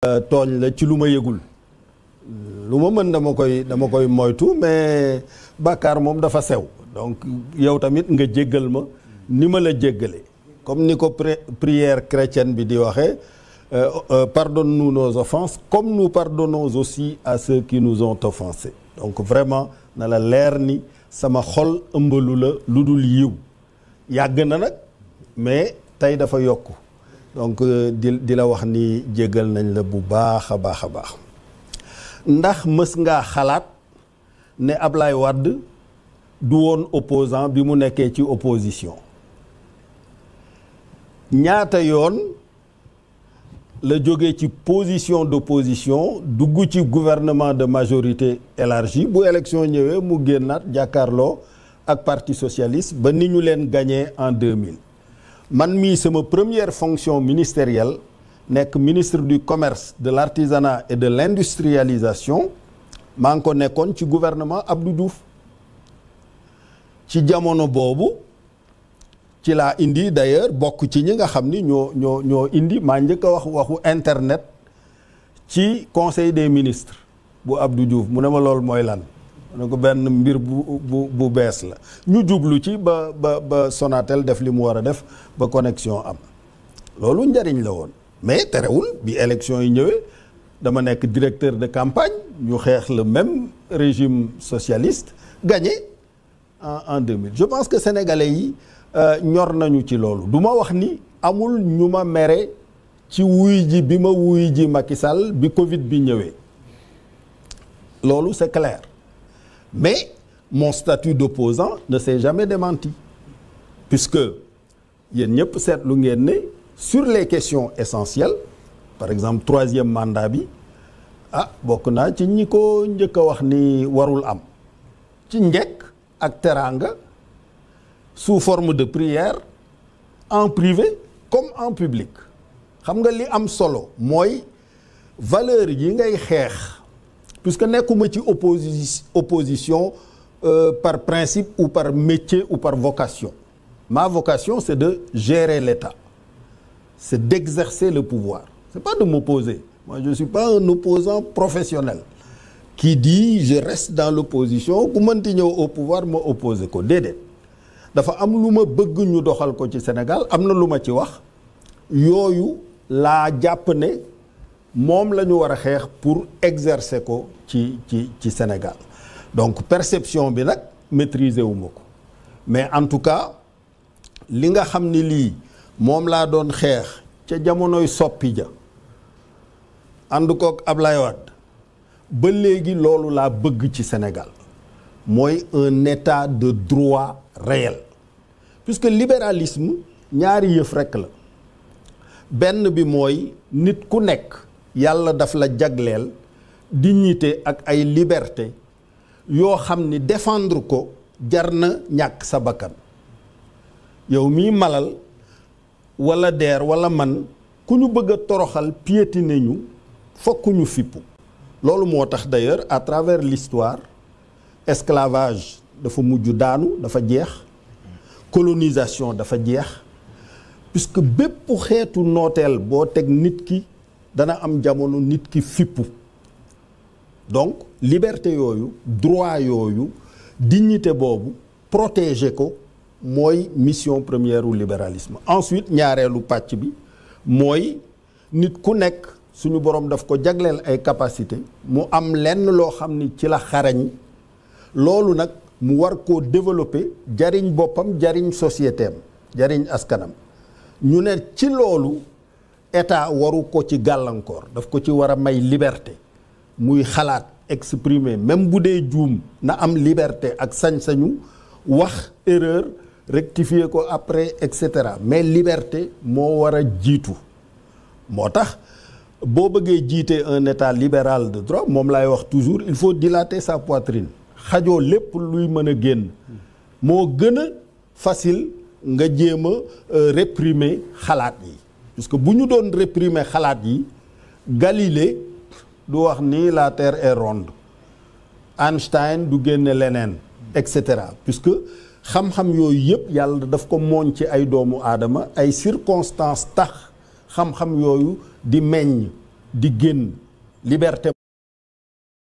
ce euh, la ci luma dama koy dama koy moytu mais Bakar mom dafa sew donc yow tamit nga la comme prière chrétienne euh, euh, pardonne-nous nos offenses comme nous pardonnons aussi à ceux qui nous ont offensés donc vraiment na la je ni sama xol ëmbalu la ludul yiw na mais donc euh, di la wax ni djegal nañ la bu baakha baakha baax ndax mës ngaa ne ablay Wade du won opposant bi mu nekkee ci opposition ñaata yoon le jóge ci position d'opposition dugg ci gouvernement de majorité élargie bu élection ñëwé mu génnaat jàkkaarloo ak parti socialiste ba niñu len gagné en 2000 man suis ma première fonction ministérielle ministre du commerce de l'artisanat et de l'industrialisation, Man gouvernement Abdou Diouf ci jamono est ci indi d'ailleurs, ci indi internet conseil des ministres bu Abdou Diouf mu ne ne ben mbir bu bu bu bees la ñu jublu ci ba ba ba Sonatel def li mu a def ba connexion am lolu ndariñ la won mais terewul bi élection yi ñëwé dama nekk directeur de campagne ñu xex le même régime socialiste gagné en en 2000 je pense que sénégalais yi euh, ñor nañu ci lolu duma wax ni amul ñuma méré ci wuy ji bi ma wuy ji Macky Sall bi Covid bi ñëwé lolu c'est clair. Mais mon statut d'opposant ne s'est jamais démenti. Puisque, sur les questions essentielles, par exemple, troisième mandat, bi, ah, Bokuna ci ñi ko a wax ni warul am ci sous forme de prière en privé comme en public xam nga li am solo la valeur yi ngay xeex puisque nekkuma ci opposi opposition euh, par principe ou par métier ou par vocation ma vocation c'est de gérer l'État c'est d'exercer le pouvoir Ce n'est pas de m'opposer moi je suis pas un opposant professionnel qui dit je reste dans l'opposition pour mënti au pouvoir je opposé ko déedéet dafa am luma ma bëgg ñu doxal ko ci Sénégal am na ci wax yooyu au Sénégal mom la wara xex pour exercer ko ci ci ci Sénégal donc perception bi nak maîtriser wu mais en tout cas li nga xamni li mom la laa doon xeex ca jamonoy soppi ja ànd Ablaye Wade ba légui la bëgg ci Sénégal moy un état de droit réel puisque libéralisme ñaari yëf rek la benn bi moy nit ku nekk yalla daf la jaglel dignité ak ay liberté Yo xamni ni défendre ko jarna ñak sa bakkan yow mi malal wala der wala man ku ñu bëgg a toroxal piétiner ñu fokk ñu fippu lolu motax d'ailleurs à travers l'histoire esclavage dafa muju daanu dafa jeex colonisation dafa jeex puisque bépp xeetu nooteel boo teg nit ki dana am jamono nit ki donc liberté yoyu droit yoyu dignité bobu protéger ko la mission première du libéralisme ensuite nous avons bi moy nit ku nek suñu borom daf ko ay capacité mu am lenn lo xamni ci la développer jariñ jariñ société jariñ askanam ñu ne ci état waru ko ci gàllankoor daf ko ci war a may liberté muy xalaat exprimer même bu dee juum na am liberté ak sañ-sañu wax erreur rectifier ko après et cetera mais liberté moo war a jiitu moo tax boo bëggee jiite un état liberal de droit moom laay wax toujours il faut dilater sa poitrine xajoo lépp luy mën a génn moo gën a facile nga jéem a euh, réprimer xalaat yi puisque si nous doon réprimer les yi Galilée doit la terre est ronde Einstein du dire lenen etc. puisque xam-xam yooyu yëpp yalla daf ko ay doomu adama ay circonstances tax xam-xam di di liberté